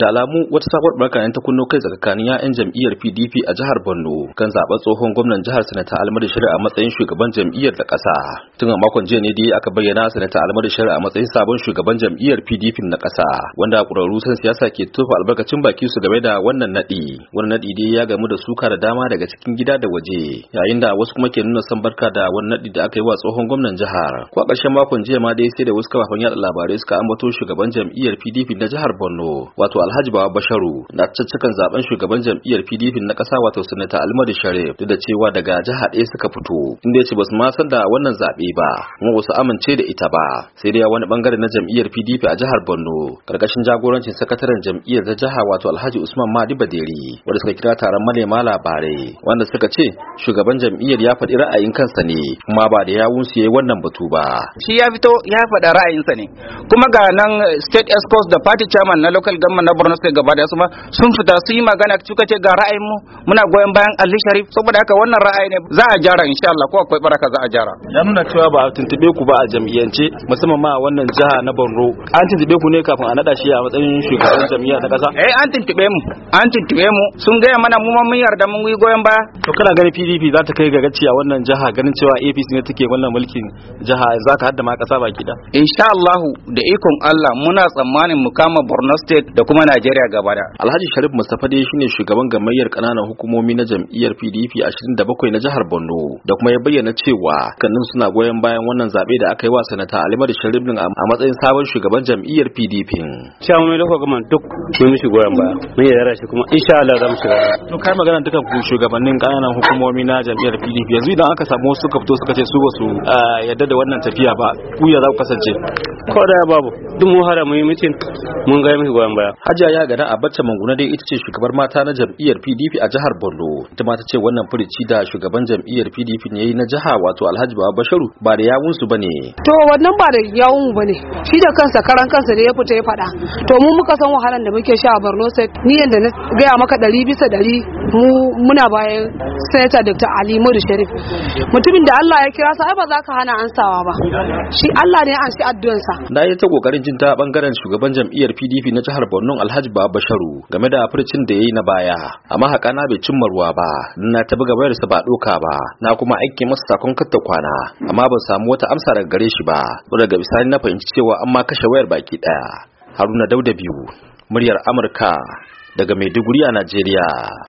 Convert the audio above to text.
da alamu wata sabuwar barka ta kunno kai tsakanin ya'yan jam'iyyar PDP a jihar Borno kan zaɓar tsohon gwamnan jihar Sanata Almadi Shari'a a matsayin shugaban jam'iyyar da ƙasa. Tun a makon jiya ne dai aka bayyana Sanata Almadi Shari'a a matsayin sabon shugaban jam'iyyar PDP na ƙasa wanda ƙwararru san siyasa ke tofa albarkacin baki su game da wannan naɗi. Wannan nadi dai ya gamu da suka da dama daga cikin gida da waje yayin da wasu kuma ke nuna son barka da wannan naɗi da aka yi wa tsohon gwamnan jihar. Ko a ƙarshen makon jiya ma dai sai da wasu kafafen yaɗa labarai suka ambato shugaban jam'iyyar PDP na jihar Borno wato Alhaji Baba Basharu na caccakan zaben shugaban jam'iyyar PDP na ƙasa wato Sanata Almadi Sharif duk da cewa daga jiha ɗaya suka fito inda yace basu ma san da wannan zaɓe ba kuma wasu amince da ita ba sai dai wani bangare na jam'iyyar PDP a jihar Borno karkashin jagorancin sakataren jam'iyyar ta jiha wato Alhaji Usman Madi Baderi wanda suka kira taron malema labarai wanda suka ce shugaban jam'iyyar ya faɗi ra'ayin kansa ne kuma ba da yawun su yayi wannan batu ba shi ya fito ya faɗa ra'ayinsa ne kuma ga nan state escorts da party chairman na local government na borno suka gaba da su ma sun fita su yi magana suka ce ga ra'ayin mu muna goyon bayan ali sharif saboda haka wannan ra'ayi ne za a gyara insha Allah ko akwai baraka za a gyara ya nuna cewa ba a tuntube ku ba a jam'iyyance musamman ma a wannan jiha na borno an tuntube ku ne kafin a nada shi a matsayin shugaban jam'iyya na kasa eh an tuntube mu an tuntube mu sun gaya mana mu ma mun yarda mun yi goyon baya to kana ganin PDP za ta kai ga gaci a wannan jiha ganin cewa APC ne take wannan mulkin jiha za ka hadda ma kasa baki da insha Allah da ikon Allah muna tsammanin mu kama Borno state da kuma kuma Najeriya gaba da. Alhaji Sharif Mustapha dai shine shugaban gamayyar kananan hukumomi na jam'iyyar PDP 27 na jihar Borno da kuma ya bayyana cewa kanin suna goyon bayan wannan zabe da aka yi wa sanata Alimadu Sharif din a matsayin sabon shugaban jam'iyyar PDP. Chairman lokacin Gaman duk mun mishi goyon baya mun yarda shi kuma insha Allah za mu shiga. To kai magana duka ku shugabannin kananan hukumomi na jam'iyyar PDP yanzu idan aka samu wasu kafto fito suka ce su ba su da wannan tafiya ba ku ya za ku kasance. Ko da babu duk mu hara mu yi mitin mun ga mishi goyon baya. hajiya ya gana abacha manguna dai ita ce shugabar mata na jam'iyyar pdp a jihar borno ita ma ta ce wannan furici da shugaban jam'iyyar pdp ne na jiha wato alhaji baba basharu ba da yawun su bane to wannan ba da yawun bane shi da kansa karan kansa ne ya fita ya faɗa to mu muka san wahalan da muke sha a borno sai ni yanda na gaya maka ɗari bisa ɗari mu muna bayan senator dr ali Muhammad sharif mutumin da allah ya kira sa ai ba za ka hana ansawa ba shi allah ne an shi sa. na yi ta kokarin jin ta bangaren shugaban jam'iyyar pdp na jihar borno Malam Alhaji Baba basharu game da furcin da yayi na baya amma haka na bai cimma ruwa ba na tabi ga wayar sa ba doka ba na kuma aike masa sakon katta kwana amma ban samu wata amsa daga gare shi ba daga bisani na fahimci cewa an ma kashe wayar baki daya Haruna Dauda biyu muryar Amurka daga Maiduguri a Najeriya